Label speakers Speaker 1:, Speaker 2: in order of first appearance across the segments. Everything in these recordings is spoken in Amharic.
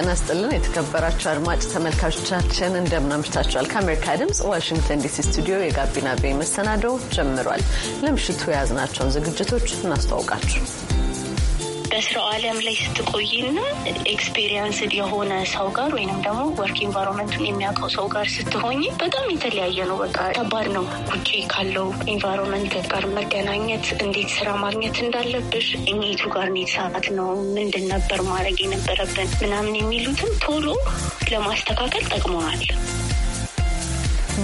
Speaker 1: ጤና ስጥልን የተከበራችሁ አድማጭ ተመልካቾቻችን እንደምናምሽታችኋል። ከአሜሪካ ድምፅ ዋሽንግተን ዲሲ ስቱዲዮ የጋቢና ቤ መሰናዶ ጀምሯል። ለምሽቱ የያዝናቸውን ዝግጅቶች እናስተዋውቃችሁ።
Speaker 2: በስራው አለም ላይ ስትቆይና ኤክስፔሪየንስድ የሆነ ሰው ጋር ወይንም ደግሞ ወርክ ኢንቫይሮንመንቱን የሚያውቀው ሰው ጋር ስትሆኝ በጣም የተለያየ ነው። በቃ ከባድ ነው። ውጭ ካለው ኢንቫይሮንመንት ጋር መገናኘት፣ እንዴት ስራ ማግኘት እንዳለብሽ፣ እኔቱ ጋር እንዴት ሰዓት ነው ምንድን ነበር ማድረግ የነበረብን ምናምን የሚሉትን ቶሎ ለማስተካከል ጠቅመዋል።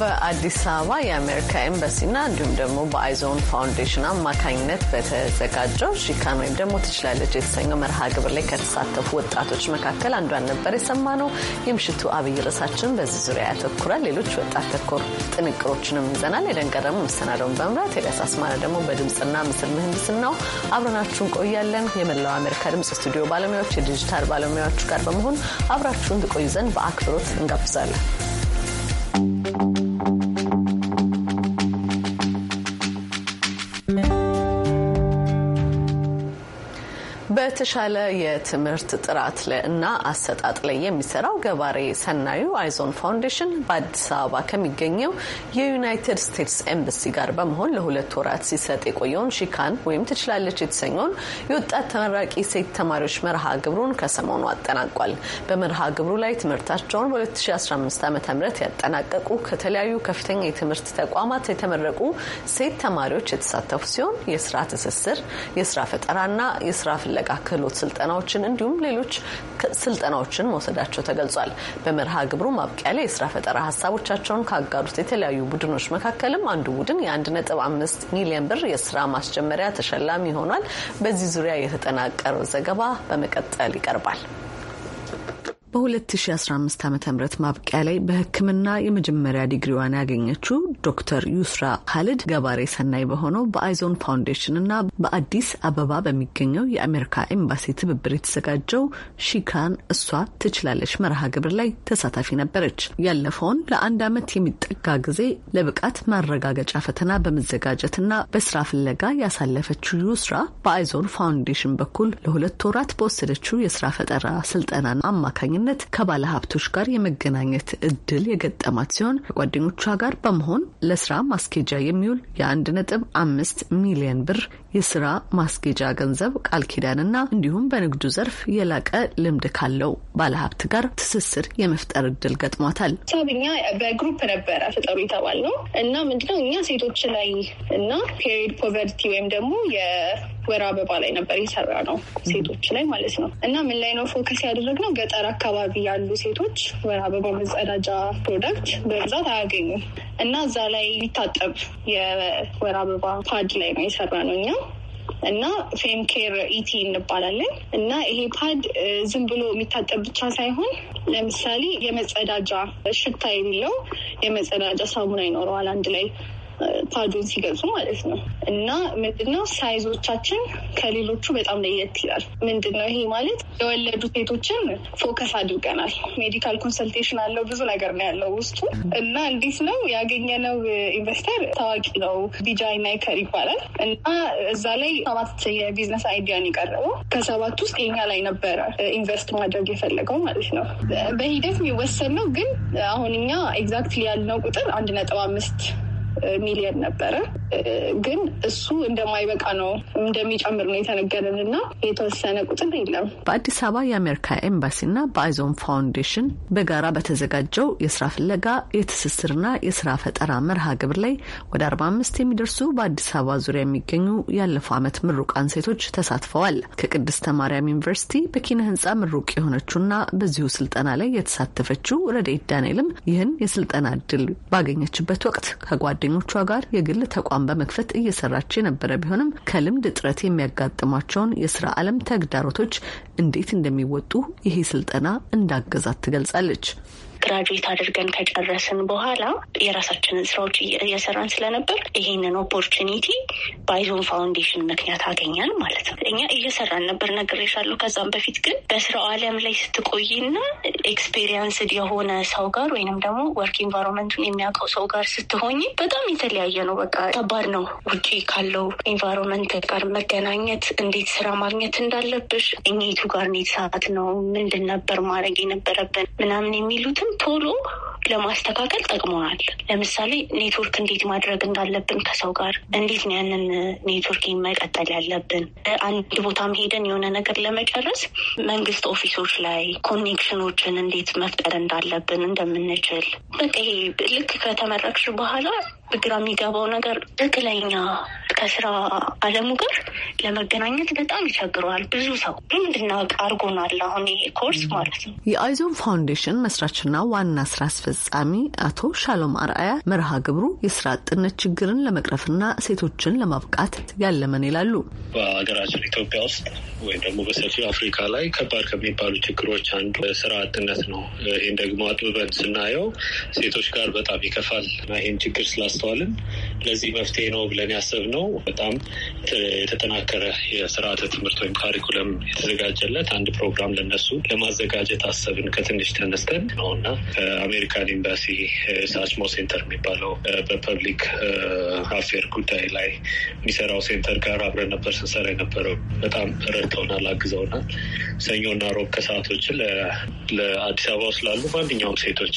Speaker 1: በአዲስ አበባ የአሜሪካ ኤምባሲና እንዲሁም ደግሞ በአይዞን ፋውንዴሽን አማካኝነት በተዘጋጀው ሺካን ወይም ደግሞ ትችላለች የተሰኘው መርሃ ግብር ላይ ከተሳተፉ ወጣቶች መካከል አንዷን ነበር የሰማ ነው። የምሽቱ አብይ ርዕሳችን በዚህ ዙሪያ ያተኩራል። ሌሎች ወጣት ተኮር ጥንቅሮችንም ይዘናል። የደንቀረሙ መሰናደውን በመምራት ኤልያስ አስማረ ደግሞ በድምፅና ምስል ምህንድስናው አብረናችሁን ቆያለን። የመላው አሜሪካ ድምፅ ስቱዲዮ ባለሙያዎች፣ የዲጂታል ባለሙያዎች ጋር በመሆን አብራችሁን ትቆዩ ዘንድ በአክብሮት እንጋብዛለን። በተሻለ የትምህርት ጥራት እና አሰጣጥ ላይ የሚሰራው ገባሬ ሰናዩ አይዞን ፋውንዴሽን በአዲስ አበባ ከሚገኘው የዩናይትድ ስቴትስ ኤምበሲ ጋር በመሆን ለሁለት ወራት ሲሰጥ የቆየውን ሺካን ወይም ትችላለች የተሰኘውን የወጣት ተመራቂ ሴት ተማሪዎች መርሃ ግብሩን ከሰሞኑ አጠናቋል። በመርሃ ግብሩ ላይ ትምህርታቸውን በ2015 ዓ ም ያጠናቀቁ ከተለያዩ ከፍተኛ የትምህርት ተቋማት የተመረቁ ሴት ተማሪዎች የተሳተፉ ሲሆን የስራ ትስስር፣ የስራ ፈጠራና የስራ ፍለጋ ክህሎት ስልጠናዎችን እንዲሁም ሌሎች ስልጠናዎችን መውሰዳቸው ተገልጿል። በመርሃ ግብሩ ማብቂያ ላይ የስራ ፈጠራ ሀሳቦቻቸውን ካጋሩት የተለያዩ ቡድኖች መካከልም አንዱ ቡድን የ1.5 ሚሊዮን ብር የስራ ማስጀመሪያ ተሸላሚ ሆኗል። በዚህ ዙሪያ የተጠናቀረው ዘገባ በመቀጠል ይቀርባል። በ2015 ዓ ም ማብቂያ ላይ በሕክምና የመጀመሪያ ዲግሪዋን ያገኘችው ዶክተር ዩስራ ካልድ ገባሬ ሰናይ በሆነው በአይዞን ፋውንዴሽን እና በአዲስ አበባ በሚገኘው የአሜሪካ ኤምባሲ ትብብር የተዘጋጀው ሺካን እሷ ትችላለች መርሃ ግብር ላይ ተሳታፊ ነበረች። ያለፈውን ለአንድ ዓመት የሚጠጋ ጊዜ ለብቃት ማረጋገጫ ፈተና በመዘጋጀትና በስራ ፍለጋ ያሳለፈችው ዩስራ በአይዞን ፋውንዴሽን በኩል ለሁለት ወራት በወሰደችው የስራ ፈጠራ ስልጠና አማካኝ አማካኝነት ከባለ ሀብቶች ጋር የመገናኘት እድል የገጠማት ሲሆን ከጓደኞቿ ጋር በመሆን ለስራ ማስኬጃ የሚውል የአንድ ነጥብ አምስት ሚሊዮን ብር የስራ ማስጌጃ ገንዘብ ቃል ኪዳንና እንዲሁም በንግዱ ዘርፍ የላቀ ልምድ ካለው ባለሀብት ጋር ትስስር የመፍጠር እድል ገጥሟታል።
Speaker 3: ሳብኛ በግሩፕ ነበረ ፍጠሩ የተባል ነው እና ምንድነው እኛ ሴቶች ላይ እና ፔሪድ ፖቨርቲ ወይም ደግሞ ወር አበባ ላይ ነበር የሰራ ነው ሴቶች ላይ ማለት ነው። እና ምን ላይ ነው ፎከስ ነው ገጠር አካባቢ ያሉ ሴቶች ወር አበባ መጸዳጃ ፕሮዳክት በብዛት አያገኙም እና እዛ ላይ የሚታጠብ የወር አበባ ፓድ ላይ ነው የሰራ ነው እኛ እና ፌም ኬር ኢቲ እንባላለን እና ይሄ ፓድ ዝም ብሎ የሚታጠብ ብቻ ሳይሆን ለምሳሌ የመጸዳጃ ሽታ የሌለው የመጸዳጃ ሳሙና ይኖረዋል አንድ ላይ ፓዱን ሲገልጹ ማለት ነው። እና ምንድነው ሳይዞቻችን ከሌሎቹ በጣም ለየት ይላል። ምንድነው ይሄ ማለት የወለዱ ሴቶችን ፎከስ አድርገናል። ሜዲካል ኮንሰልቴሽን አለው፣ ብዙ ነገር ነው ያለው ውስጡ። እና እንዴት ነው ያገኘነው ኢንቨስተር ታዋቂ ነው፣ ቢጃይ ናይከር ይባላል። እና እዛ ላይ ሰባት የቢዝነስ አይዲያን የቀረበው ከሰባት ውስጥ የኛ ላይ ነበረ ኢንቨስት ማድረግ የፈለገው ማለት ነው። በሂደት የሚወሰን ነው ግን አሁን እኛ ኤግዛክትሊ ያልነው ቁጥር አንድ ነጥብ አምስት ሚሊየን ነበረ። ግን እሱ እንደማይበቃ ነው እንደሚጨምር ነው የተነገረን እና የተወሰነ ቁጥር የለም።
Speaker 1: በአዲስ አበባ የአሜሪካ ኤምባሲና በአይዞን ፋውንዴሽን በጋራ በተዘጋጀው የስራ ፍለጋ የትስስርና የስራ ፈጠራ መርሃ ግብር ላይ ወደ አርባ አምስት የሚደርሱ በአዲስ አበባ ዙሪያ የሚገኙ ያለፈው ዓመት ምሩቃን ሴቶች ተሳትፈዋል። ከቅድስተ ማርያም ዩኒቨርሲቲ በኪነ ህንጻ ምሩቅ የሆነችውና በዚሁ ስልጠና ላይ የተሳተፈችው ረዴት ዳንኤልም ይህን የስልጠና እድል ባገኘችበት ወቅት ከጓደ ከጓደኞቿ ጋር የግል ተቋም በመክፈት እየሰራች የነበረ ቢሆንም ከልምድ እጥረት የሚያጋጥሟቸውን የስራ ዓለም ተግዳሮቶች እንዴት እንደሚወጡ ይሄ ስልጠና እንዳገዛት ትገልጻለች።
Speaker 2: ግራጁዌት አድርገን ከጨረስን በኋላ የራሳችንን ስራዎች እየሰራን ስለነበር ይሄንን ኦፖርቹኒቲ ባይዞን ፋውንዴሽን ምክንያት አገኛል ማለት ነው። እኛ እየሰራን ነበር ነግሬሻለሁ። ከዛም በፊት ግን በስራው አለም ላይ ስትቆይና ኤክስፔሪየንስድ የሆነ ሰው ጋር ወይንም ደግሞ ወርክ ኢንቫይሮንመንቱን የሚያውቀው ሰው ጋር ስትሆኝ በጣም የተለያየ ነው። በቃ ከባድ ነው። ውጭ ካለው ኢንቫይሮንመንት ጋር መገናኘት፣ እንዴት ስራ ማግኘት እንዳለብሽ፣ እኔቱ ጋር ኔት ሰዓት ነው ምንድን ነበር ማድረግ የነበረብን ምናምን የሚሉትም ቶሎ ለማስተካከል ጠቅሞናል። ለምሳሌ ኔትወርክ እንዴት ማድረግ እንዳለብን ከሰው ጋር እንዴት ነው ያንን ኔትወርክ መቀጠል ያለብን። አንድ ቦታም ሄደን የሆነ ነገር ለመጨረስ መንግስት ኦፊሶች ላይ ኮኔክሽኖችን እንዴት መፍጠር እንዳለብን እንደምንችል በቃ ይሄ ልክ ከተመረቅሽ በኋላ ግራ የሚገባው ነገር ትክክለኛ ከስራ አለሙ ጋር ለመገናኘት በጣም ይቸግረዋል ብዙ ሰው እንድናውቅ አድርጎናል። አሁን ይሄ ኮርስ ማለት ነው።
Speaker 1: የአይዞን ፋውንዴሽን መስራችና ዋና ስራ አስፈጻሚ አቶ ሻሎም አርአያ መርሃ ግብሩ የስራ አጥነት ችግርን ለመቅረፍና ሴቶችን ለማብቃት ያለመን ይላሉ።
Speaker 4: በሀገራችን ኢትዮጵያ ውስጥ ወይም ደግሞ በሰፊው አፍሪካ ላይ ከባድ ከሚባሉ ችግሮች አንዱ ስራ አጥነት ነው። ይህን ደግሞ አጥብበን ስናየው ሴቶች ጋር በጣም ይከፋል ይህን ችግር ስላስተዋልን ለዚህ መፍትሄ ነው ብለን ያሰብነው በጣም የተጠናከረ የስርዓተ ትምህርት ወይም ካሪኩለም የተዘጋጀለት አንድ ፕሮግራም ለነሱ ለማዘጋጀት አሰብን። ከትንሽ ተነስተን ነው እና አሜሪካን ኤምባሲ ሳችሞ ሴንተር የሚባለው በፐብሊክ አፌር ጉዳይ ላይ የሚሰራው ሴንተር ጋር አብረን ነበር ስንሰራ የነበረው። በጣም ረድተውናል፣ አግዘውናል። ሰኞና ሮብ ከሰዓቶች ለአዲስ አበባ ውስጥ ላሉ ማንኛውም ሴቶች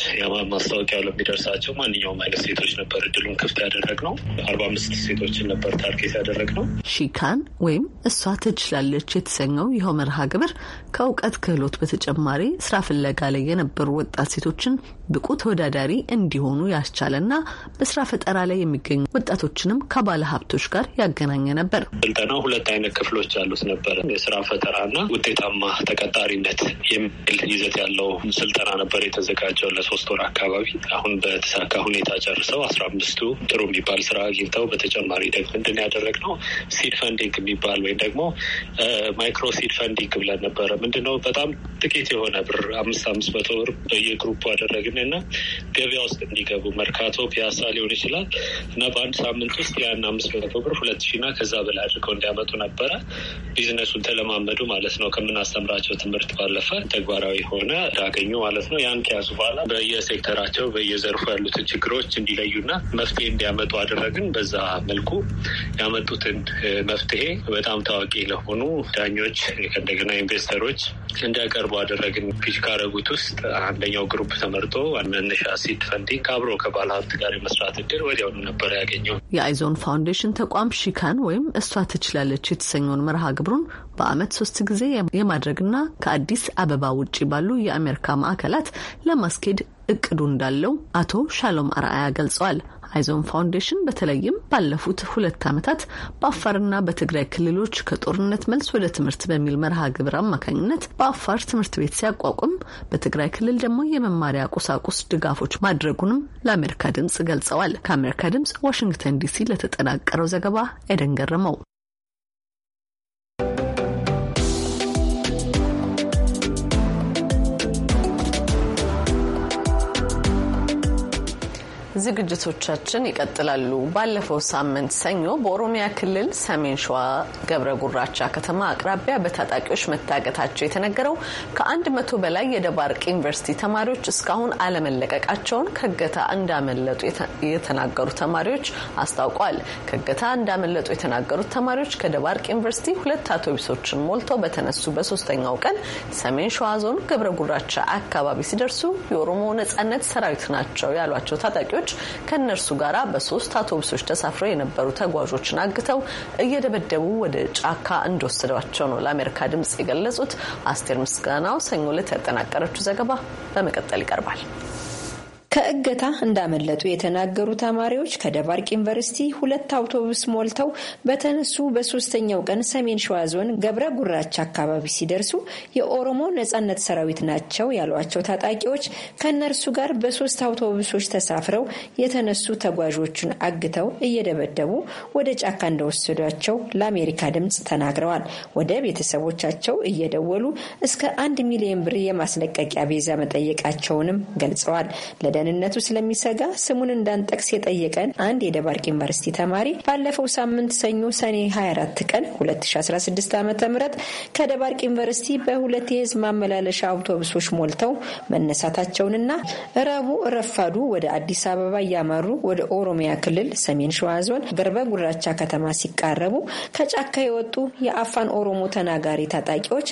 Speaker 4: ማስታወቂያ ለሚደርሳቸው ማንኛውም አይነት ሴቶች ነበር እድሉን ክፍት ያደረግነው። አርባ አምስት ሴቶችን ነበር ታርጌት ነው።
Speaker 1: ሺካን ወይም እሷ ትችላለች የተሰኘው ይኸው መርሃ ግብር ከእውቀት ክህሎት በተጨማሪ ስራ ፍለጋ ላይ የነበሩ ወጣት ሴቶችን ብቁ ተወዳዳሪ እንዲሆኑ ያስቻለና በስራ ፈጠራ ላይ የሚገኙ ወጣቶችንም ከባለ ሀብቶች ጋር ያገናኘ ነበር።
Speaker 4: ስልጠናው ሁለት አይነት ክፍሎች ያሉት ነበር የስራ ፈጠራና ውጤታማ ተቀጣሪነት የሚል ይዘት ያለው ስልጠና ነበር የተዘጋጀው ለሶስት ወር አካባቢ። አሁን በተሳካ ሁኔታ ጨርሰው አስራ አምስቱ ጥሩ የሚባል ስራ አግኝተው በተጨማሪ ደግሞ ምንድን ነው ሲድ ፈንዲንግ የሚባል ወይም ደግሞ ማይክሮ ሲድ ፈንዲንግ ብለን ነበረ። ነው በጣም ጥቂት የሆነ ብር አምስት አምስት መቶ ብር በየግሩፕ አደረግን እና ገበያ ውስጥ እንዲገቡ መርካቶ፣ ፒያሳ ሊሆን ይችላል እና በአንድ ሳምንት ውስጥ ያን አምስት መቶ ብር ሁለት ሺና ከዛ በላይ አድርገው እንዲያመጡ ነበረ። ቢዝነሱን ተለማመዱ ማለት ነው። ከምናስተምራቸው ትምህርት ባለፈ ተግባራዊ ሆነ እንዳገኙ ማለት ነው። ያን ከያዙ በኋላ በየሴክተራቸው በየዘርፉ ያሉትን ችግሮች እንዲለዩና መፍትሄ እንዲያመጡ አደረግን። በዛ መልኩ ያመጡትን መፍትሄ በጣም ታዋቂ ለሆኑ ዳኞች እንደገና ኢንቨስተሮች እንዲያቀርቡ አደረግን። ፒች ካረጉት ውስጥ አንደኛው ግሩፕ ተመርጦ መነሻ ሲድ ፈንዲንግ አብሮ ከባለ ሀብት ጋር የመስራት እድል ወዲያውኑ ነበር ያገኘው።
Speaker 1: የአይዞን ፋውንዴሽን ተቋም ሺካን ወይም እሷ ትችላለች የተሰኘውን መርሃ ግብሩን በአመት ሶስት ጊዜ የማድረግና ከአዲስ አበባ ውጭ ባሉ የአሜሪካ ማዕከላት ለማስኬድ እቅዱ እንዳለው አቶ ሻሎም አርአያ ገልጸዋል። አይዞን ፋውንዴሽን በተለይም ባለፉት ሁለት ዓመታት በአፋርና በትግራይ ክልሎች ከጦርነት መልስ ወደ ትምህርት በሚል መርሃ ግብር አማካኝነት በአፋር ትምህርት ቤት ሲያቋቁም በትግራይ ክልል ደግሞ የመማሪያ ቁሳቁስ ድጋፎች ማድረጉንም ለአሜሪካ ድምጽ ገልጸዋል። ከአሜሪካ ድምጽ ዋሽንግተን ዲሲ ለተጠናቀረው ዘገባ ኤደን ገረመው ዝግጅቶቻችን ይቀጥላሉ። ባለፈው ሳምንት ሰኞ በኦሮሚያ ክልል ሰሜን ሸዋ ገብረ ጉራቻ ከተማ አቅራቢያ በታጣቂዎች መታገታቸው የተነገረው ከአንድ መቶ በላይ የደባርቅ ዩኒቨርሲቲ ተማሪዎች እስካሁን አለመለቀቃቸውን ከገታ እንዳመለጡ የተናገሩ ተማሪዎች አስታውቋል። ከገታ እንዳመለጡ የተናገሩት ተማሪዎች ከደባርቅ ዩኒቨርሲቲ ሁለት አውቶቢሶችን ሞልተው በተነሱ በሶስተኛው ቀን ሰሜን ሸዋ ዞን ገብረ ጉራቻ አካባቢ ሲደርሱ የኦሮሞ ነጻነት ሰራዊት ናቸው ያሏቸው ታጣቂዎች ተጓዦች ከእነርሱ ጋር በሶስት አውቶቡሶች ተሳፍረው የነበሩ ተጓዦችን አግተው እየደበደቡ ወደ ጫካ እንደወሰዷቸው ነው ለአሜሪካ ድምጽ የገለጹት። አስቴር ምስጋናው ሰኞ ዕለት ያጠናቀረችው ዘገባ በመቀጠል ይቀርባል።
Speaker 5: ከእገታ እንዳመለጡ የተናገሩ ተማሪዎች ከደባርቅ ዩኒቨርሲቲ ሁለት አውቶቡስ ሞልተው በተነሱ በሶስተኛው ቀን ሰሜን ሸዋ ዞን ገብረ ጉራቻ አካባቢ ሲደርሱ የኦሮሞ ነጻነት ሰራዊት ናቸው ያሏቸው ታጣቂዎች ከእነርሱ ጋር በሶስት አውቶቡሶች ተሳፍረው የተነሱ ተጓዦቹን አግተው እየደበደቡ ወደ ጫካ እንደወሰዷቸው ለአሜሪካ ድምፅ ተናግረዋል። ወደ ቤተሰቦቻቸው እየደወሉ እስከ አንድ ሚሊዮን ብር የማስለቀቂያ ቤዛ መጠየቃቸውንም ገልጸዋል። ለደህንነታቸው ለደህንነቱ ስለሚሰጋ ስሙን እንዳንጠቅስ የጠየቀን አንድ የደባርቅ ዩኒቨርሲቲ ተማሪ ባለፈው ሳምንት ሰኞ ሰኔ 24 ቀን 2016 ዓ ም ከደባርቅ ዩኒቨርሲቲ በሁለት የህዝብ ማመላለሻ አውቶቡሶች ሞልተው መነሳታቸውንና ረቡ ረፋዱ ወደ አዲስ አበባ እያመሩ ወደ ኦሮሚያ ክልል ሰሜን ሸዋ ዞን ገርበ ጉራቻ ከተማ ሲቃረቡ ከጫካ የወጡ የአፋን ኦሮሞ ተናጋሪ ታጣቂዎች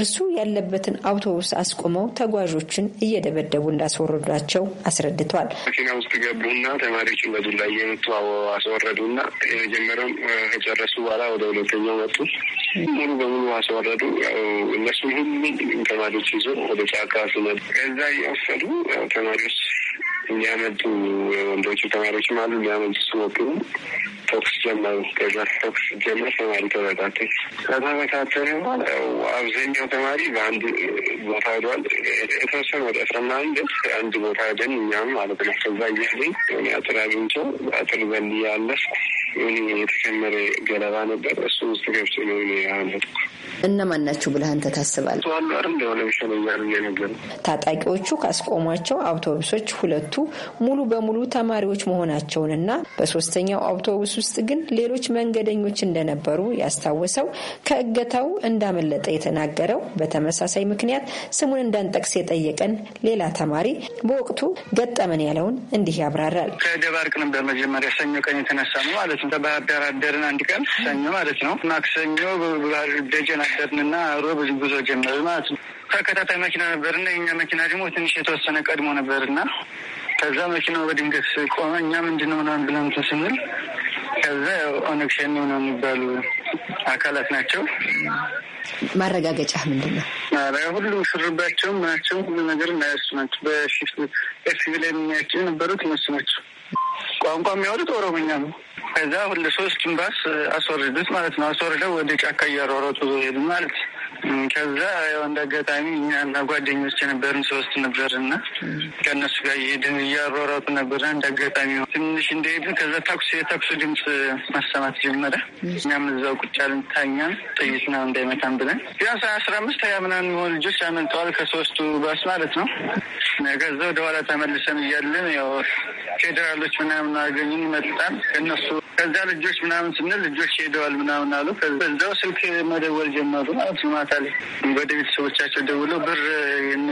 Speaker 5: እርሱ ያለበትን አውቶቡስ አስቆመው ተጓዦችን እየደበደቡ እንዳስወረዷቸው አስረድቷል።
Speaker 6: መኪና ውስጥ ገቡና ተማሪዎችን በዱላ እየመቱ አስወረዱና የመጀመሪያውን ከጨረሱ በኋላ ወደ ሁለተኛው መጡ። ሙሉ በሙሉ አስወረዱ። እነሱ ሁሉም ተማሪዎች ይዞ ወደ ጫካ ስመጡ ከዛ እየወሰዱ ተማሪዎች የሚያመልጡ ወንዶቹ ተማሪዎች አሉ። ሊያመልጡ ሲሞክሩ ተኩስ ጀመሩ። ከዛ ተኩስ ጀመር። ተማሪ ተበታተነ። ከተበታተነ በኋላ አብዛኛው ተማሪ በአንድ ቦታ ሄደዋል። የተወሰነ ወደ አስራ ምናምን አንድ ቦታ ሄደን እኛም ማለት ነው። ከዛ እያለኝ የሆነ አጥር አግኝቼ አጥር በል ያለፍኩ የሆነ የተከመረ ገለባ ነበር። እሱ ውስጥ ገብቼ ነው
Speaker 5: ያመጥኩ እነማን ናቸው ብለህ አንተ ታስባለህ? ታጣቂዎቹ ካስቆሟቸው አውቶቡሶች ሁለቱ ሙሉ በሙሉ ተማሪዎች መሆናቸውንና በሶስተኛው አውቶቡስ ውስጥ ግን ሌሎች መንገደኞች እንደነበሩ ያስታወሰው ከእገታው እንዳመለጠ የተናገረው በተመሳሳይ ምክንያት ስሙን እንዳንጠቅስ የጠየቀን ሌላ ተማሪ በወቅቱ ገጠመን ያለውን እንዲህ ያብራራል።
Speaker 7: ከደባርቅ ነበር መጀመሪያ ሰኞ ቀን የተነሳ ነው ማለት ነው። በባህር ዳር አደርን አንድ ቀን ሰኞ ማለት ነው። ማክሰኞ ደጀን ወሰድንና ሮብ ጉዞ ጀመር ማለት ነው። ተከታታይ መኪና ነበርና የኛ መኪና ደግሞ ትንሽ የተወሰነ ቀድሞ ነበርና ከዛ መኪናው በድንገት ቆመ። እኛ ምንድነው ምናምን ብለን እንትን ስንል ከዛ ኦነግ ሸኔ ነው የሚባሉ አካላት ናቸው።
Speaker 5: ማረጋገጫ ምንድን ነው?
Speaker 7: ሁሉ ስርባቸውም ምናቸውም ሁሉ ነገር እናያሱ ናቸው። በሽፍት ኤክስቪ ላይ የሚያቸው የነበሩት እነሱ ናቸው። ቋንቋ የሚያወሩት ኦሮሞኛ ነው። ከዛ ሁለ ሶስት ባስ አስወርዱት ማለት ነው። አስወርደው ወደ ጫካ እያሯሯጡ ሄዱ ማለት ከዛ ያው እንደ አጋጣሚ እኛና ጓደኞች የነበርን ሶስት ነበር እና ከእነሱ ጋር እየሄድን እያሯሯጡ ነበር። እንደ አጋጣሚ ትንሽ እንደሄድን ከዛ ተኩስ የተኩሱ ድምፅ ማሰማት ጀመረ። እኛም እዛው ቁጫልን ታኛን። ጥይት ነው እንዳይመታን ብለን ቢያንስ አስራ አምስት ሀያ ምናምን የሚሆኑ ልጆች አመልጠዋል ከሶስቱ ባስ ማለት ነው። ከዛ ወደኋላ ተመልሰን እያለን ያው ፌዴራሎች ምናምን አገኙን ይመጣል ከነሱ ከዛ ልጆች ምናምን ስንል ልጆች ሄደዋል ምናምን አሉ። በዛው ስልክ መደወል ጀመሩ ማለት ማታ ላይ ወደ ቤተሰቦቻቸው ደውለው ብር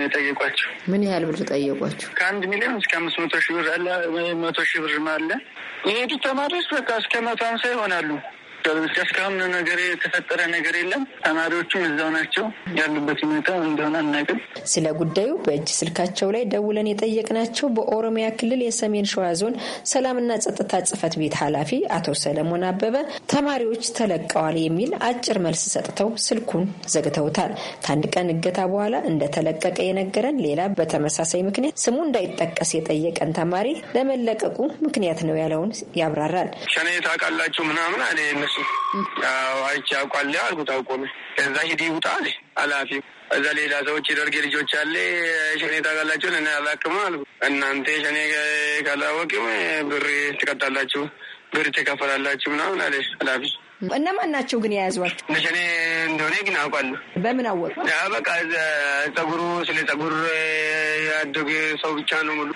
Speaker 7: የጠየቋቸው።
Speaker 5: ምን ያህል ብር ጠየቋቸው?
Speaker 7: ከአንድ ሚሊዮን እስከ አምስት መቶ ሺህ ብር አለ። መቶ ሺህ ብር አለ። የሄዱት ተማሪዎች በቃ እስከ መቶ ሀምሳ ይሆናሉ። ብቻ እስካሁን ነገር የተፈጠረ
Speaker 5: ነገር የለም። ተማሪዎቹም እዛው ናቸው። ያሉበት ሁኔታ እንደሆነ አናውቅም። ስለ ጉዳዩ በእጅ ስልካቸው ላይ ደውለን የጠየቅናቸው በኦሮሚያ ክልል የሰሜን ሸዋ ዞን ሰላምና ጸጥታ ጽህፈት ቤት ኃላፊ አቶ ሰለሞን አበበ ተማሪዎች ተለቀዋል የሚል አጭር መልስ ሰጥተው ስልኩን ዘግተውታል። ከአንድ ቀን እገታ በኋላ እንደተለቀቀ የነገረን ሌላ በተመሳሳይ ምክንያት ስሙ እንዳይጠቀስ የጠየቀን ተማሪ ለመለቀቁ ምክንያት ነው ያለውን ያብራራል።
Speaker 6: ሸኔ ታውቃላችሁ ምናምን እሱ አይቼ አውቃለሁ አልኩት። አውቆ ነው ከዛ ሂድ ውጣ አለ እዛ ሌላ ሰዎች የደርጌ ልጆች አለ ሸኔ ታውቃላችሁን? እኔ አላውቅም አልኩ። እናንተ ሸኔ ካላወቅም ብር ትቀጣላችሁ፣ ብር ትከፈላላችሁ ምናምን አለ ኃላፊ።
Speaker 5: እነማን ናቸው ግን የያዟቸው?
Speaker 6: ሸኔ እንደሆነ ግን አውቃለሁ። በምን አወቁ? በቃ ጸጉሩ ስለ ጸጉር ያደገ ሰው ብቻ ነው ሙሉ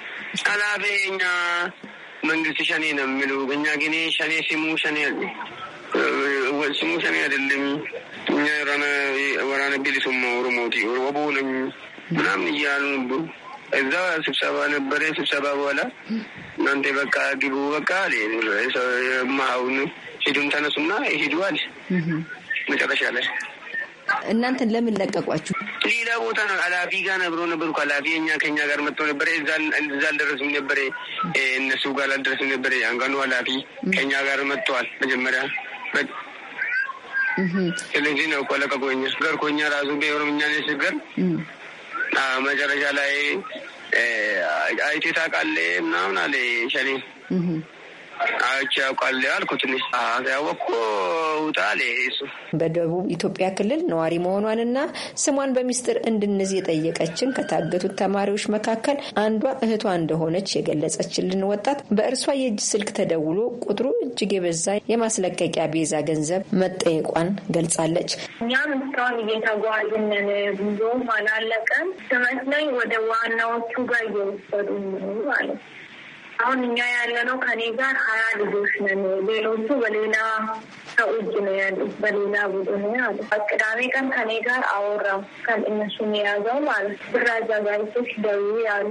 Speaker 6: ኃላፊ እኛ መንግስት ሸኔ ነው የሚሉ እኛ ግን ሸኔ ሲሙ ሸኔ አለ ወሱሙ ሰኔ አይደለም እኛ ወራነ ቢሊሱማ ኦሮሞቲ ኦሮቦ ነኝ ምናምን እያሉ ነበሩ። እዛ ስብሰባ ነበረ። ስብሰባ በኋላ እናንተ በቃ ግቡ በቃ ማሁን ሂዱን ተነሱና ሂዱ አለ። መጨረሻ
Speaker 5: ላይ እናንተን ለምን ለቀቋችሁ?
Speaker 6: ሌላ ቦታ ነው አላፊ ጋር ነብሮ ነበር እኮ ኃላፊ እኛ ከኛ ጋር መጥቶ ነበረ። እዛ አልደረስም ነበረ እነሱ ጋር አልደረስም ነበረ። አንጋኑ አላፊ ከኛ ጋር መጥተዋል መጀመሪያ ስለዚህ ነው እኮ ለቀቆኝ ችግር ኮኛ ራሱ በኦሮምኛ ላይ ችግር መጨረሻ ላይ አይቴ ታውቃለህ ምናምን አለ ሸኔ አይቼ ያውቃል ያልኩ ትንሽ ያወቅኩ ውጣል እሱ
Speaker 5: በደቡብ ኢትዮጵያ ክልል ነዋሪ መሆኗንና ስሟን በሚስጥር እንድንዝ የጠየቀችን ከታገቱት ተማሪዎች መካከል አንዷ እህቷ እንደሆነች የገለጸችልን ወጣት በእርሷ የእጅ ስልክ ተደውሎ ቁጥሩ እጅግ የበዛ የማስለቀቂያ ቤዛ ገንዘብ መጠየቋን ገልጻለች።
Speaker 2: እኛም እስካሁን እየተጓዝን ብዙም አላለቀም። ስመስለኝ ወደ ዋናዎቹ ጋር እየወሰዱ ማለት አሁን እኛ ያለነው ከኔ ጋር ሀያ ልጆች ነን። ሌሎቹ በሌላ ሰው እጅ ነው ያሉት፣ በሌላ ቡድን ያሉ። ቅዳሜ ቀን ከኔ ጋር አወራም እነሱን የያዘው ማለት ብር አዘጋጅቶች ደዊ ያሉ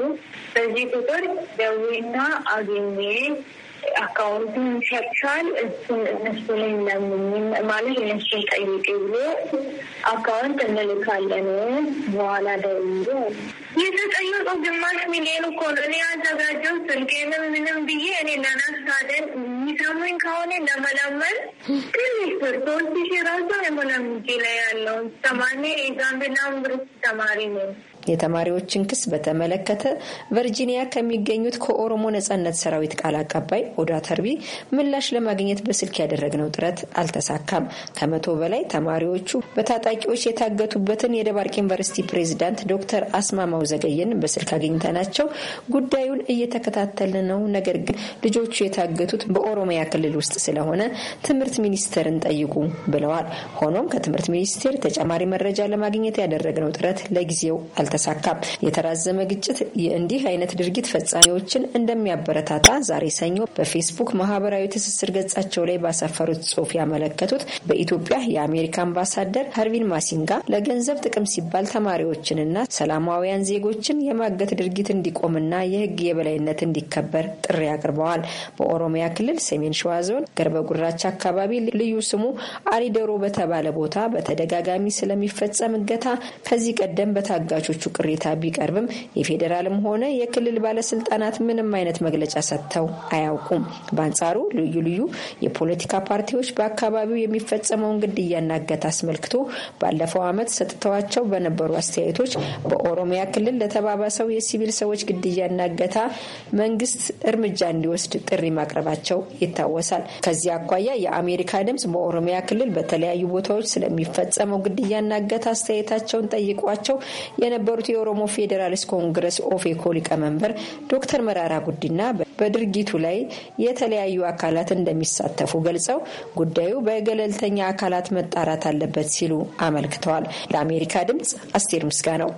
Speaker 2: በዚህ ቁጥር ደዊና አገኘ አካውንቱን ይሸጥሻል እሱን እነሱ ላይ ለምኝም ማለት እነሱን ጠይቄ ብሎ አካውንት እንልካለን በኋላ ደዊ የተጠየቀው ግማሽ ሚሊዮን እኮ ነው። እኔ ያዘጋጀው ምን ምንም ብዬ እኔ ለናስታደን የሚሰሙኝ ከሆነ ለመለመን ትንሽ ብር ሶስት ሺህ ራሱ የሆነ ምንጭ ላይ ያለውን ተማኔ የጋምቤላ ዩኒቨርስቲ ተማሪ ነው
Speaker 5: የተማሪዎችን ክስ በተመለከተ ቨርጂኒያ ከሚገኙት ከኦሮሞ ነጻነት ሰራዊት ቃል አቀባይ ኦዳ ተርቢ ምላሽ ለማግኘት በስልክ ያደረግነው ጥረት አልተሳካም። ከመቶ በላይ ተማሪዎቹ በታጣቂዎች የታገቱበትን የደባርቅ ዩኒቨርሲቲ ፕሬዚዳንት ዶክተር አስማማው ዘገየን በስልክ አግኝተናቸው ጉዳዩን እየተከታተልን ነው፣ ነገር ግን ልጆቹ የታገቱት በኦሮሚያ ክልል ውስጥ ስለሆነ ትምህርት ሚኒስቴርን ጠይቁ ብለዋል። ሆኖም ከትምህርት ሚኒስቴር ተጨማሪ መረጃ ለማግኘት ያደረግነው ጥረት ለጊዜው አልተ አልተሳካም። የተራዘመ ግጭት እንዲህ አይነት ድርጊት ፈጻሚዎችን እንደሚያበረታታ ዛሬ ሰኞ በፌስቡክ ማህበራዊ ትስስር ገጻቸው ላይ ባሰፈሩት ጽሑፍ ያመለከቱት በኢትዮጵያ የአሜሪካ አምባሳደር ሀርቪን ማሲንጋ ለገንዘብ ጥቅም ሲባል ተማሪዎችንና ሰላማውያን ዜጎችን የማገት ድርጊት እንዲቆምና የህግ የበላይነት እንዲከበር ጥሪ አቅርበዋል። በኦሮሚያ ክልል ሰሜን ሸዋ ዞን ገርበ አካባቢ ልዩ ስሙ አሪደሮ በተባለ ቦታ በተደጋጋሚ ስለሚፈጸም እገታ ከዚህ ቀደም በታጋቾቹ ተማሪዎቹ ቅሬታ ቢቀርብም የፌዴራልም ሆነ የክልል ባለስልጣናት ምንም አይነት መግለጫ ሰጥተው አያውቁም። በአንጻሩ ልዩ ልዩ የፖለቲካ ፓርቲዎች በአካባቢው የሚፈጸመውን ግድያና እገታ አስመልክቶ ባለፈው ዓመት ሰጥተዋቸው በነበሩ አስተያየቶች በኦሮሚያ ክልል ለተባባሰው የሲቪል ሰዎች ግድያና እገታ መንግስት እርምጃ እንዲወስድ ጥሪ ማቅረባቸው ይታወሳል። ከዚህ አኳያ የአሜሪካ ድምፅ በኦሮሚያ ክልል በተለያዩ ቦታዎች ስለሚፈጸመው ግድያና እገታ አስተያየታቸውን ጠይቋቸው የነበሩ የተናገሩት የኦሮሞ ፌዴራሊስት ኮንግረስ ኦፌኮ ሊቀመንበር ዶክተር መራራ ጉዲና በድርጊቱ ላይ የተለያዩ አካላት እንደሚሳተፉ ገልጸው ጉዳዩ በገለልተኛ አካላት መጣራት አለበት ሲሉ አመልክተዋል። ለአሜሪካ ድምጽ አስቴር ምስጋ ነው።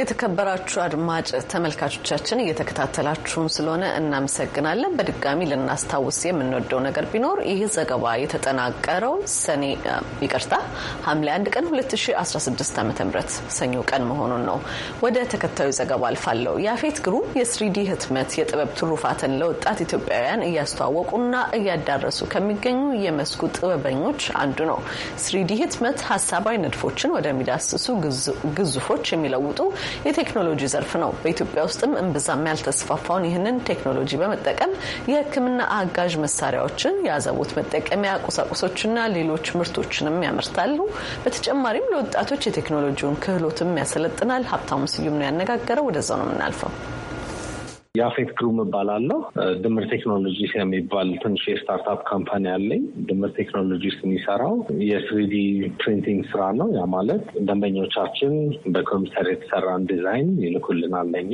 Speaker 1: የተከበራችሁ አድማጭ ተመልካቾቻችን እየተከታተላችሁም ስለሆነ እናመሰግናለን። በድጋሚ ልናስታውስ የምንወደው ነገር ቢኖር ይህ ዘገባ የተጠናቀረው ሰኔ ይቅርታ ሐምሌ 1 ቀን 2016 ዓ ም ሰኞ ቀን መሆኑን ነው። ወደ ተከታዩ ዘገባ አልፋለሁ። የአፌት ግሩም የስሪዲ ህትመት የጥበብ ትሩፋትን ለወጣት ኢትዮጵያውያን እያስተዋወቁና እያዳረሱ ከሚገኙ የመስኩ ጥበበኞች አንዱ ነው። ስሪዲ ህትመት ሀሳባዊ ንድፎችን ወደሚዳስሱ ግዙፎች የሚለውጡ የቴክኖሎጂ ዘርፍ ነው። በኢትዮጵያ ውስጥም እምብዛም ያልተስፋፋውን ይህንን ቴክኖሎጂ በመጠቀም የሕክምና አጋዥ መሳሪያዎችን፣ የአዘቦት መጠቀሚያ ቁሳቁሶችና ሌሎች ምርቶችንም ያመርታሉ።
Speaker 8: በተጨማሪም
Speaker 1: ለወጣቶች የቴክኖሎጂውን ክህሎትም ያሰለጥናል። ሀብታሙ ስዩም ነው ያነጋገረው። ወደዛው
Speaker 8: ነው የምናልፈው። ያፌት ግሩም እባላለሁ። ድምር ቴክኖሎጂስ የሚባል ትንሽ የስታርታፕ ካምፓኒ አለኝ። ድምር ቴክኖሎጂስ የሚሰራው የስሪዲ ፕሪንቲንግ ስራ ነው። ያ ማለት ደንበኞቻችን በኮምፒውተር የተሰራን ዲዛይን ይልኩልናል ለኛ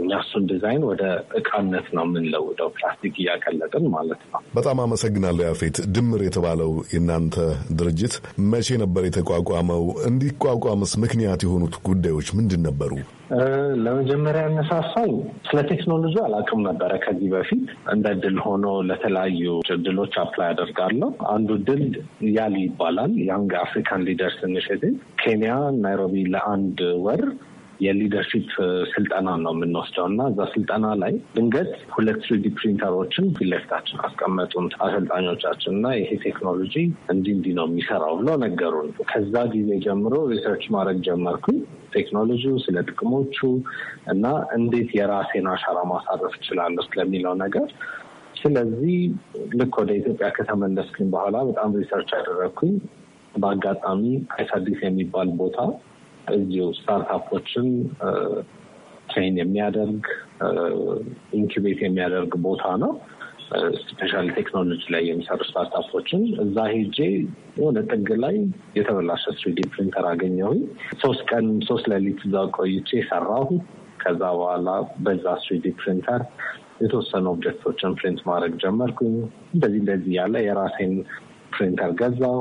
Speaker 8: እኛ እሱን ዲዛይን ወደ እቃነት ነው የምንለውደው፣ ፕላስቲክ እያቀለጥን ማለት
Speaker 9: ነው። በጣም አመሰግናለሁ ያፌት። ድምር የተባለው የእናንተ ድርጅት መቼ ነበር የተቋቋመው? እንዲቋቋምስ ምክንያት የሆኑት ጉዳዮች ምንድን ነበሩ?
Speaker 8: ለመጀመሪያ ያነሳሳኝ ስለ ቴክኖሎጂ አላውቅም ነበረ ከዚህ በፊት። እንደ ድል ሆኖ ለተለያዩ ድሎች አፕላይ አደርጋለሁ። አንዱ ድል ያሊ ይባላል ያንግ አፍሪካን ሊደርስ ኢኒሽቲቭ ኬንያ ናይሮቢ ለአንድ ወር የሊደርሽፕ ስልጠና ነው የምንወስደው እና እዛ ስልጠና ላይ ድንገት ሁለት ትሪዲ ፕሪንተሮችን ፊት ለፊታችን አስቀመጡን አሰልጣኞቻችን እና ይሄ ቴክኖሎጂ እንዲህ እንዲህ ነው የሚሰራው ብለው ነገሩን። ከዛ ጊዜ ጀምሮ ሪሰርች ማድረግ ጀመርኩኝ ቴክኖሎጂው፣ ስለ ጥቅሞቹ እና እንዴት የራሴን አሻራ ማሳረፍ እችላለሁ ስለሚለው ነገር ስለዚህ ልክ ወደ ኢትዮጵያ ከተመለስኩኝ በኋላ በጣም ሪሰርች ያደረግኩኝ በአጋጣሚ አይስ አዲስ የሚባል ቦታ እዚሁ ስታርታፖችን ትሬን የሚያደርግ ኢንኩቤት የሚያደርግ ቦታ ነው። ስፔሻል ቴክኖሎጂ ላይ የሚሰሩ ስታርታፖችን እዛ ሄጄ የሆነ ጥግ ላይ የተበላሸ ስሪዲ ፕሪንተር አገኘሁ ሶስት ቀን ሶስት ሌሊት እዛ ቆይቼ ሰራሁ። ከዛ በኋላ በዛ ስሪዲ ፕሪንተር የተወሰኑ ኦብጀክቶችን ፕሪንት ማድረግ ጀመርኩኝ። እንደዚህ እንደዚህ ያለ የራሴን ፕሪንተር ገዛው።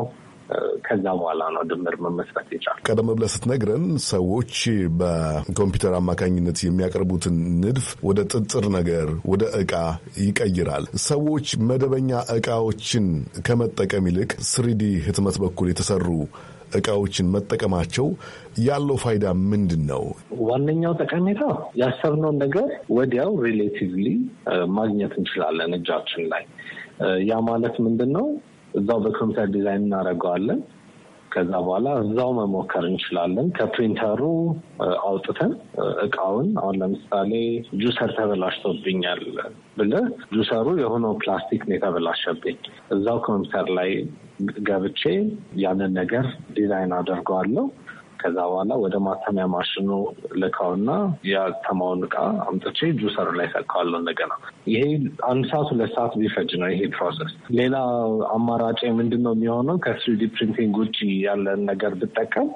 Speaker 8: ከዛ በኋላ ነው
Speaker 9: ድምር መመስረት ይቻል። ቀደም ብለህ ስትነግረን ሰዎች በኮምፒውተር አማካኝነት የሚያቀርቡትን ንድፍ ወደ ጥጥር ነገር ወደ እቃ ይቀይራል። ሰዎች መደበኛ እቃዎችን ከመጠቀም ይልቅ ስሪዲ ህትመት በኩል የተሰሩ እቃዎችን መጠቀማቸው ያለው ፋይዳ ምንድን ነው?
Speaker 8: ዋነኛው ጠቀሜታ ያሰብነውን ነገር ወዲያው ሪሌቲቭሊ ማግኘት እንችላለን እጃችን ላይ ያ ማለት ምንድን ነው? እዛው በኮምፒውተር ዲዛይን እናደርገዋለን። ከዛ በኋላ እዛው መሞከር እንችላለን። ከፕሪንተሩ አውጥተን እቃውን አሁን ለምሳሌ ጁሰር ተበላሽቶብኛል ብለ ጁሰሩ የሆነው ፕላስቲክ ነው የተበላሸብኝ። እዛው ኮምፒውተር ላይ ገብቼ ያንን ነገር ዲዛይን አደርገዋለሁ። ከዛ በኋላ ወደ ማተሚያ ማሽኑ ልካውና ያተማውን እቃ አምጥቼ ጁሰር ላይ ሰካዋለሁ እንደገና። ይሄ አንድ ሰዓት ሁለት ሰዓት ቢፈጅ ነው ይሄ ፕሮሰስ። ሌላ አማራጭ ምንድን ነው የሚሆነው? ከስሪዲ ፕሪንቲንግ ውጭ ያለን ነገር ብጠቀም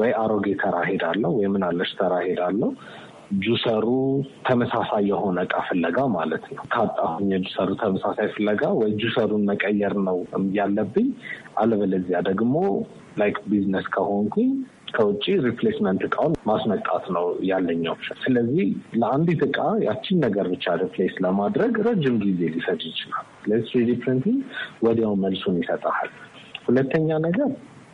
Speaker 8: ወይ አሮጌ ተራ ሄዳለሁ ወይ ምን ተራ ሄዳለሁ ጁሰሩ ተመሳሳይ የሆነ እቃ ፍለጋ ማለት ነው። ካጣሁኝ የጁሰሩ ተመሳሳይ ፍለጋ ወይ ጁሰሩን መቀየር ነው ያለብኝ። አለበለዚያ ደግሞ ላይክ ቢዝነስ ከሆንኩኝ ከውጭ ሪፕሌስመንት እቃውን ማስመጣት ነው ያለኝ ኦፕሽን። ስለዚህ ለአንዲት እቃ ያችን ነገር ብቻ ሪፕሌስ ለማድረግ ረጅም ጊዜ ሊሰድ ይችላል። ለስሪዲ ፕሪንቲንግ ወዲያው መልሱን ይሰጠሃል። ሁለተኛ ነገር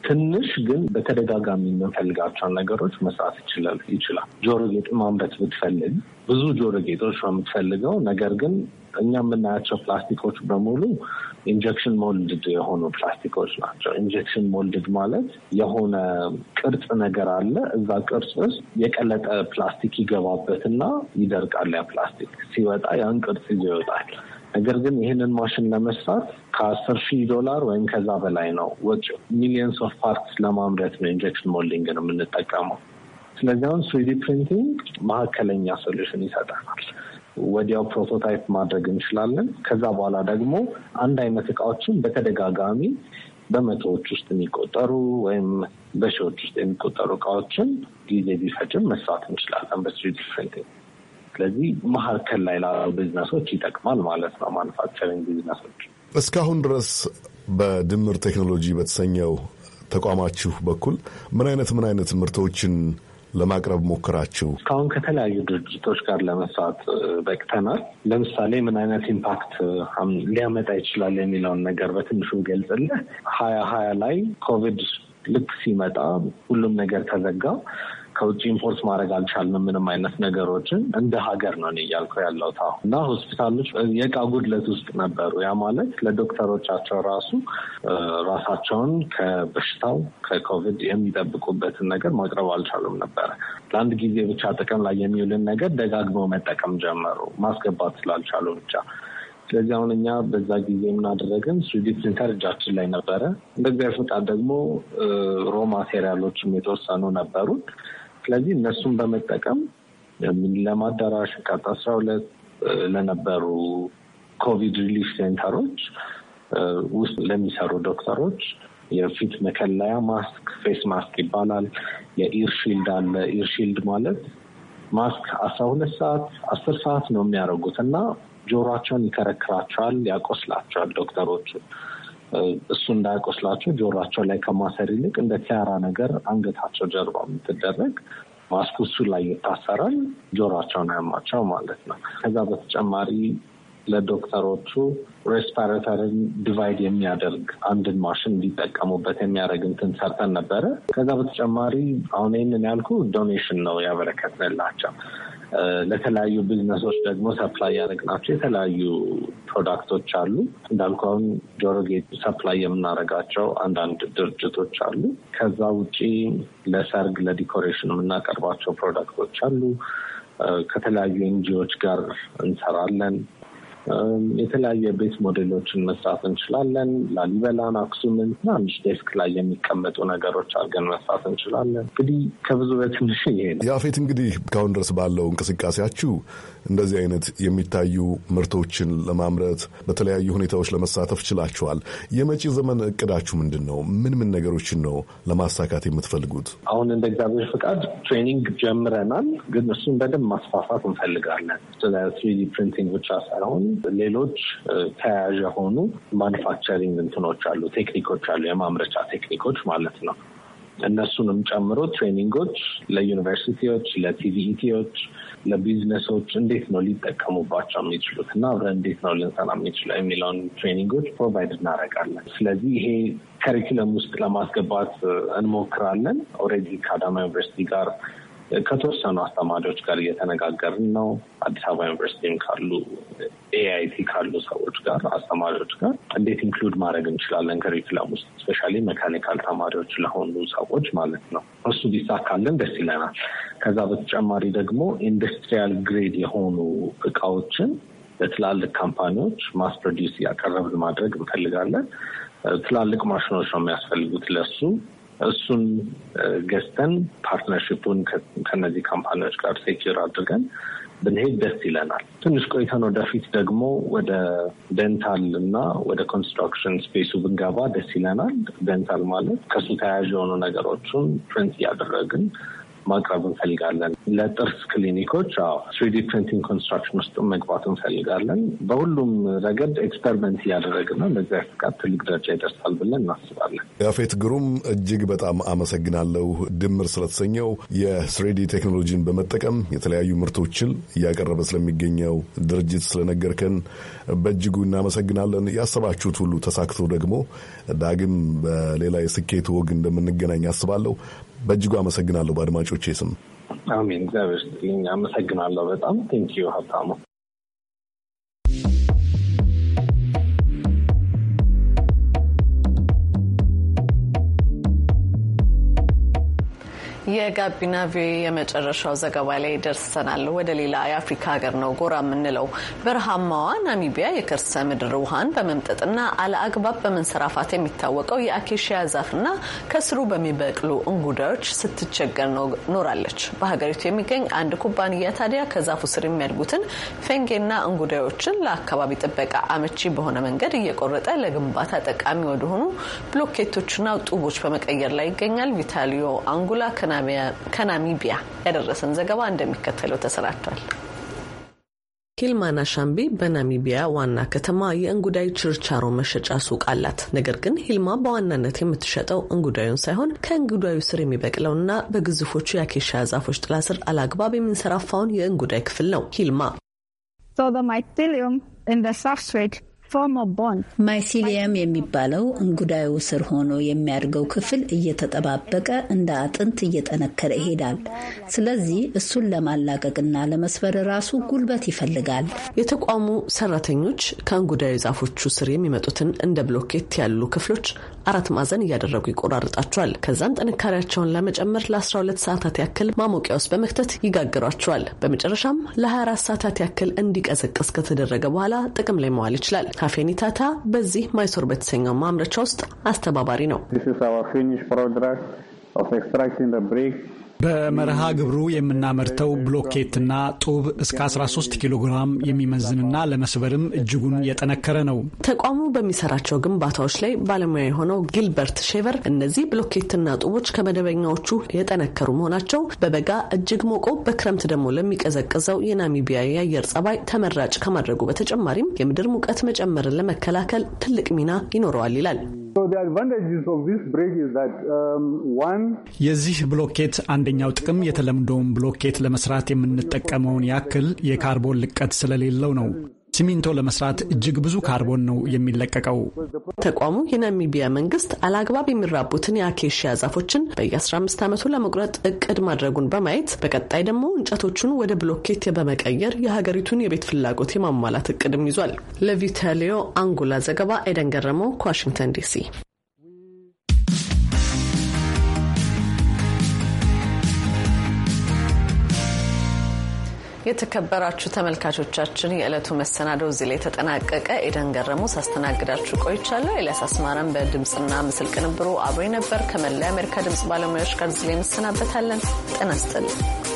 Speaker 8: ትንሽ ግን በተደጋጋሚ የምንፈልጋቸውን ነገሮች መስራት ይችላል ይችላል። ጆሮ ጌጥ ማምረት ብትፈልግ ብዙ ጆሮ ጌጦች ነው የምትፈልገው። ነገር ግን እኛ የምናያቸው ፕላስቲኮች በሙሉ ኢንጀክሽን ሞልድድ የሆኑ ፕላስቲኮች ናቸው። ኢንጀክሽን ሞልድድ ማለት የሆነ ቅርጽ ነገር አለ። እዛ ቅርጽ ውስጥ የቀለጠ ፕላስቲክ ይገባበትና ይደርቃል። ያ ፕላስቲክ ሲወጣ ያን ቅርጽ ይዞ ይወጣል። ነገር ግን ይህንን ማሽን ለመስራት ከአስር ሺህ ዶላር ወይም ከዛ በላይ ነው ወጪ። ሚሊየንስ ኦፍ ፓርትስ ለማምረት ነው ኢንጀክሽን ነው የምንጠቀመው። ስለዚህ አሁን ስሪዲ ፕሪንቲንግ መካከለኛ ሶሉሽን ይሰጠናል። ወዲያው ፕሮቶታይፕ ማድረግ እንችላለን። ከዛ በኋላ ደግሞ አንድ አይነት እቃዎችን በተደጋጋሚ በመቶዎች ውስጥ የሚቆጠሩ ወይም በሺዎች ውስጥ የሚቆጠሩ እቃዎችን ጊዜ ቢፈጅም መስራት እንችላለን በስሪዲ ፕሪንቲንግ። ስለዚህ መካከል ላይ ላሉ ቢዝነሶች ይጠቅማል ማለት ነው። ማኑፋክቸሪንግ ቢዝነሶች
Speaker 9: እስካሁን ድረስ በድምር ቴክኖሎጂ በተሰኘው ተቋማችሁ በኩል ምን አይነት ምን አይነት ምርቶችን ለማቅረብ ሞክራችሁ? እስካሁን ከተለያዩ
Speaker 8: ድርጅቶች ጋር ለመስራት በቅተናል። ለምሳሌ ምን አይነት ኢምፓክት ሊያመጣ ይችላል የሚለውን ነገር በትንሹ ገልጽልህ። ሀያ ሀያ ላይ ኮቪድ ልክ ሲመጣ ሁሉም ነገር ተዘጋ። ከውጭ ኢንፎርስ ማድረግ አልቻልንም። ምንም አይነት ነገሮችን እንደ ሀገር ነው እያልኩ ያለሁት አሁን እና ሆስፒታሎች የእቃ ጉድለት ውስጥ ነበሩ። ያ ማለት ለዶክተሮቻቸው ራሱ ራሳቸውን ከበሽታው ከኮቪድ የሚጠብቁበትን ነገር ማቅረብ አልቻሉም ነበረ። ለአንድ ጊዜ ብቻ ጥቅም ላይ የሚውልን ነገር ደጋግመው መጠቀም ጀመሩ፣ ማስገባት ስላልቻሉ ብቻ ስለዚህ አሁን እኛ በዛ ጊዜ የምናደረግን ስሪዲ ፕሪንተር እጃችን ላይ ነበረ። እንደ እግዚአብሔር ደግሞ ሮማ ሴሪያሎችም የተወሰኑ ነበሩ። ስለዚህ እነሱን በመጠቀም ለማዳራሽ ቃጥ አስራ ሁለት ለነበሩ ኮቪድ ሪሊፍ ሴንተሮች ውስጥ ለሚሰሩ ዶክተሮች የፊት መከለያ ማስክ ፌስ ማስክ ይባላል። የኢርሺልድ አለ። ኢርሺልድ ማለት ማስክ አስራ ሁለት ሰዓት አስር ሰዓት ነው የሚያደርጉት እና ጆሯቸውን ይከረክራቸዋል፣ ያቆስላቸዋል ዶክተሮቹ እሱ እንዳያቆስላቸው ጆሯቸው ላይ ከማሰር ይልቅ እንደ ቲያራ ነገር አንገታቸው ጀርባ የምትደረግ ማስኩ እሱ ላይ ይታሰራል። ጆሯቸውን አያማቸው ማለት ነው። ከዛ በተጨማሪ ለዶክተሮቹ ሬስፓራተርን ዲቫይድ የሚያደርግ አንድን ማሽን እንዲጠቀሙበት የሚያደርግ እንትን ሰርተን ነበረ። ከዛ በተጨማሪ አሁን ይህንን ያልኩ ዶኔሽን ነው ያበረከትንላቸው። ለተለያዩ ቢዝነሶች ደግሞ ሰፕላይ ያደረግናቸው የተለያዩ ፕሮዳክቶች አሉ። እንዳልኩ አሁን ጆሮ ጌጥ ሰፕላይ የምናደርጋቸው አንዳንድ ድርጅቶች አሉ። ከዛ ውጪ ለሰርግ ለዲኮሬሽን የምናቀርባቸው ፕሮዳክቶች አሉ። ከተለያዩ ኤንጂዎች ጋር እንሰራለን። የተለያዩ የቤት ሞዴሎችን መስራት እንችላለን። ላሊበላን፣ አክሱምን ትናንሽ ዴስክ ላይ የሚቀመጡ ነገሮች አድርገን መስራት እንችላለን።
Speaker 9: እንግዲህ ከብዙ በትንሽ ይሄ ነው። ያፌት፣ እንግዲህ እስካሁን ድረስ ባለው እንቅስቃሴያችሁ እንደዚህ አይነት የሚታዩ ምርቶችን ለማምረት በተለያዩ ሁኔታዎች ለመሳተፍ ችላችኋል። የመጪ ዘመን እቅዳችሁ ምንድን ነው? ምን ምን ነገሮችን ነው ለማሳካት የምትፈልጉት?
Speaker 8: አሁን እንደ እግዚአብሔር ፍቃድ ትሬኒንግ ጀምረናል፣ ግን እሱን በደንብ ማስፋፋት እንፈልጋለን። ስለ ትሪዲ ፕሪንቲንግ ብቻ ሳይሆን ሌሎች ተያያዥ የሆኑ ማኒፋክቸሪንግ እንትኖች አሉ፣ ቴክኒኮች አሉ፣ የማምረቻ ቴክኒኮች ማለት ነው። እነሱንም ጨምሮ ትሬኒንጎች ለዩኒቨርሲቲዎች፣ ለቲቪኢቲዎች፣ ለቢዝነሶች እንዴት ነው ሊጠቀሙባቸው የሚችሉት እና አብረን እንዴት ነው ልንሰራ የሚችለው የሚለውን ትሬኒንጎች ፕሮቫይድ እናደርጋለን። ስለዚህ ይሄ ከሪኩለም ውስጥ ለማስገባት እንሞክራለን። ኦልሬዲ ከአዳማ ዩኒቨርሲቲ ጋር ከተወሰኑ አስተማሪዎች ጋር እየተነጋገርን ነው። አዲስ አበባ ዩኒቨርሲቲም ካሉ ኤአይቲ ካሉ ሰዎች ጋር አስተማሪዎች ጋር እንዴት ኢንክሉድ ማድረግ እንችላለን ከሪኩለም ውስጥ ስፔሻሊ መካኒካል ተማሪዎች ለሆኑ ሰዎች ማለት ነው። እሱ ቢሳካለን ደስ ይለናል። ከዛ በተጨማሪ ደግሞ ኢንዱስትሪያል ግሬድ የሆኑ እቃዎችን ለትላልቅ ካምፓኒዎች ማስ ፕሮዲውስ እያቀረብን ማድረግ እንፈልጋለን። ትላልቅ ማሽኖች ነው የሚያስፈልጉት ለሱ እሱን ገዝተን ፓርትነርሽፑን ከነዚህ ካምፓኒዎች ጋር ሴኪር አድርገን ብንሄድ ደስ ይለናል። ትንሽ ቆይተን ወደፊት ደግሞ ወደ ደንታል እና ወደ ኮንስትራክሽን ስፔሱ ብንገባ ደስ ይለናል። ደንታል ማለት ከሱ ተያያዥ የሆኑ ነገሮችን ፕሪንት እያደረግን ማቅረብ እንፈልጋለን። ለጥርስ ክሊኒኮች ስሪዲ ፕሪንቲንግ ኮንስትራክሽን ውስጥ መግባት እንፈልጋለን። በሁሉም ረገድ ኤክስፐሪመንት እያደረግን ነው። ለዚያ ፍቃድ ትልቅ ደረጃ ይደርሳል ብለን እናስባለን።
Speaker 9: ያፌት ግሩም፣ እጅግ በጣም አመሰግናለሁ። ድምር ስለተሰኘው የስሪዲ ቴክኖሎጂን በመጠቀም የተለያዩ ምርቶችን እያቀረበ ስለሚገኘው ድርጅት ስለነገርከን በእጅጉ እናመሰግናለን። ያሰባችሁት ሁሉ ተሳክቶ ደግሞ ዳግም በሌላ የስኬት ወግ እንደምንገናኝ አስባለሁ። በእጅጉ አመሰግናለሁ በአድማጮቼ ስም።
Speaker 8: አሜን። እግዚአብሔር ይስጥልኝ። አመሰግናለሁ በጣም ቴንኪዩ ሀብታሙ።
Speaker 1: የጋቢና ቪ የመጨረሻው ዘገባ ላይ ደርሰናል። ወደ ሌላ የአፍሪካ ሀገር ነው ጎራ የምንለው። በረሃማዋ ናሚቢያ የከርሰ ምድር ውሃን በመምጠጥና አለአግባብ በመንሰራፋት የሚታወቀው የአኬሽያ ዛፍና ከስሩ በሚበቅሉ እንጉዳዮች ስትቸገር ኖራለች። በሀገሪቱ የሚገኝ አንድ ኩባንያ ታዲያ ከዛፉ ስር የሚያድጉትን ፌንጌና እንጉዳዮችን ለአካባቢ ጥበቃ አመቺ በሆነ መንገድ እየቆረጠ ለግንባታ ጠቃሚ ወደሆኑ ብሎኬቶችና ጡቦች በመቀየር ላይ ይገኛል። ቪታሊዮ አንጉላ ከናሚቢያ ያደረሰን ዘገባ እንደሚከተለው ተሰራቷል። ሂልማና ሻምቢ በናሚቢያ ዋና ከተማ የእንጉዳይ ችርቻሮ መሸጫ ሱቅ አላት። ነገር ግን ሂልማ በዋናነት የምትሸጠው እንጉዳዩን ሳይሆን ከእንጉዳዩ ስር የሚበቅለውና በግዙፎቹ የአኬሻ ዛፎች ጥላ ስር አላግባብ የሚንሰራፋውን የእንጉዳይ ክፍል ነው። ሂልማ
Speaker 2: ማይሲሊየም የሚባለው እንጉዳዩ ስር ሆኖ የሚያድገው ክፍል እየተጠባበቀ እንደ አጥንት እየጠነከረ ይሄዳል። ስለዚህ እሱን ለማላቀቅና ለመስበር ራሱ ጉልበት ይፈልጋል። የተቋሙ ሰራተኞች ከእንጉዳዩ ዛፎቹ ስር
Speaker 1: የሚመጡትን እንደ ብሎኬት ያሉ ክፍሎች አራት ማዕዘን እያደረጉ ይቆራርጣቸዋል። ከዛም ጥንካሬያቸውን ለመጨመር ለ12 ሰዓታት ያክል ማሞቂያ ውስጥ በመክተት ይጋግሯቸዋል። በመጨረሻም ለ24 ሰዓታት ያክል እንዲቀዘቅስ ከተደረገ በኋላ ጥቅም ላይ መዋል ይችላል። ካፌኒታታ በዚህ ማይሶር በተሰኘው ማምረቻ ውስጥ አስተባባሪ ነው።
Speaker 4: በመርሃ ግብሩ የምናመርተው ብሎኬትና ጡብ እስከ 13 ኪሎ ግራም የሚመዝንና ለመስበርም እጅጉን የጠነከረ ነው። ተቋሙ
Speaker 1: በሚሰራቸው ግንባታዎች ላይ ባለሙያ የሆነው ጊልበርት ሼቨር እነዚህ ብሎኬትና ጡቦች ከመደበኛዎቹ የጠነከሩ መሆናቸው በበጋ እጅግ ሞቆ በክረምት ደግሞ ለሚቀዘቅዘው የናሚቢያ የአየር ጸባይ ተመራጭ ከማድረጉ በተጨማሪም የምድር ሙቀት መጨመርን ለመከላከል
Speaker 7: ትልቅ
Speaker 4: ሚና ይኖረዋል
Speaker 7: ይላል። Um,
Speaker 4: የዚህ ብሎኬት አንደኛው ጥቅም የተለምዶውን ብሎኬት ለመስራት የምንጠቀመውን ያክል የካርቦን ልቀት ስለሌለው ነው። ሲሚንቶ ለመስራት እጅግ ብዙ ካርቦን ነው የሚለቀቀው።
Speaker 1: ተቋሙ የናሚቢያ መንግስት አላግባብ የሚራቡትን የአኬሽያ ዛፎችን በየ15 ዓመቱ ለመቁረጥ እቅድ ማድረጉን በማየት በቀጣይ ደግሞ እንጨቶቹን ወደ ብሎኬት በመቀየር የሀገሪቱን የቤት ፍላጎት የማሟላት እቅድም ይዟል። ለቪታሊዮ አንጉላ ዘገባ ኤደን ገረመው ከዋሽንግተን ዲሲ የተከበራችሁ ተመልካቾቻችን የዕለቱ መሰናደው እዚህ ላይ የተጠናቀቀ። ኤደን ገረሙ ሳስተናግዳችሁ ቆይቻለሁ። ኤልያስ አስማረን በድምፅና ምስል ቅንብሩ አብሮ ነበር። ከመላ የአሜሪካ ድምፅ ባለሙያዎች ጋር እዚህ ላይ እንሰናበታለን። ጤና ይስጥልኝ።